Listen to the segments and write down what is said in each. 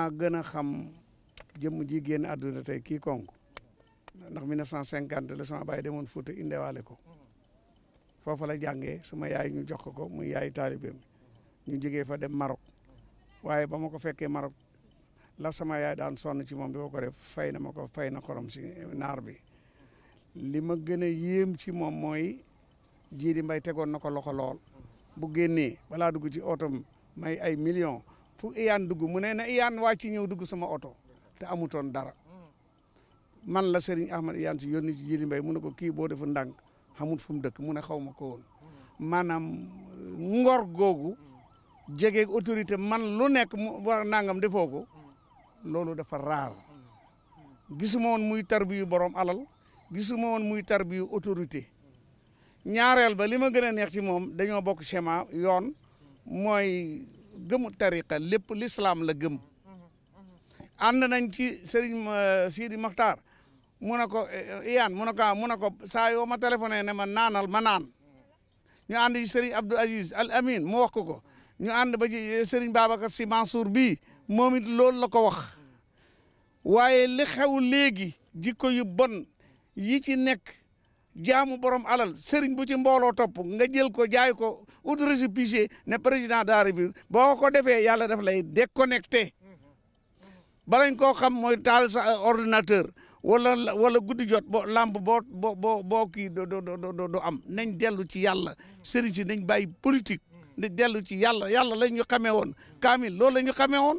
maa gën a xam jëmm ji génn àdduna tey kii konk ndax 1950 la sama baay demoon Fuuta indewaale ko foofa la jàngee sama yaay ñu jox ko muy yaay taalibeem ñu jógee fa dem Maroc waaye ba ma ko fekkee Maroc la sama yaay daan sonn ci moom bi ko def fay na ma ko fay na xorom si naar bi li ma gën a yéem ci moom mooy jiidi mbay tegoon na ko loxo lool bu génnee balaa dugg ci otom may ay millions fu iyaan dugg mu ne na iyaan wàcc ñëw dugg sama oto te amutoon dara man la Serigne Ahmad iyaan si yónni ci Jili Mbay mu ne ko kii boo defu ndànk xamul fu mu dëkk mu ne xaw ma ko woon maanaam euh, ngor googu jege autorité man lu nekk mu war nangam defoo ko loolu dafa raar gisuma woon muy tarbiyu borom alal gisuma woon muy tarbiyu autorité ñaareel ba li ma gën a neex ci moom dañoo bokk schéma yoon mooy gëmul tariqa lépp l'islam la gëm ànd nañ ci Serigne euh, Sidi Makhtar mu ne ko eh, Iyane mu ne ah, mu ne ko saa yoo ma téléphoné ne ma naanal ma naan ñu ànd ci Serigne Abdou Aziz Al Amin mu wax ko ko ñu ànd ba ci eh, Serigne Babacar Sy Mansour bii moom it loolu la ko wax waaye li xew léegi jikko yu bon yi ci nekk jaamu borom alal sëriñ bu ci mbooloo topp nga jël ko jaay ko ut récépissé ne président daara bi boo ko defee yàlla def lay déconnecté balañ ko xam mooy taal sa ordinateur wala wala guddi jot bo làmb boo bo boo boo kii do do do do am nañ dellu ci yàlla sëriñ si nañ bàyyi politique di dellu ci yàlla yàlla la ñu xamee woon kaamil loolu la ñu woon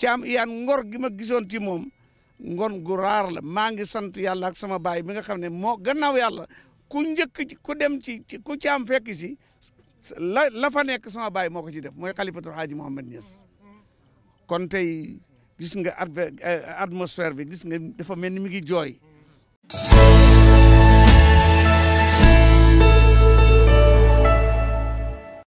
caam am iyaan ngor gi ma gisoon ci moom ngoon gu raar la maa ngi sant yàlla ak sama baay bi nga xam ne moo gannaaw yàlla ku njëkk ci ku dem ci ku caam fekk si la la fa nekk sama baay moo ko ci def mooy xalifatul haaji Mouhamed Niass kon tey gis nga eh, atmosphère bi gis nga dafa mel ni mi ngi jooy